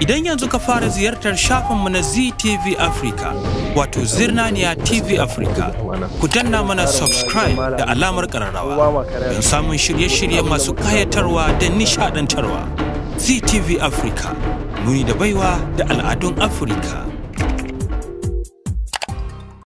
Idan yanzu ka fara ziyartar shafinmu na ZTV Africa, wato Zirnaniya TV Africa, ku danna mana subscribe da alamar ƙararrawa don samun shirye-shirye masu kayatarwa da nishaɗantarwa, ZTV Africa, muni da baiwa da al'adun Africa.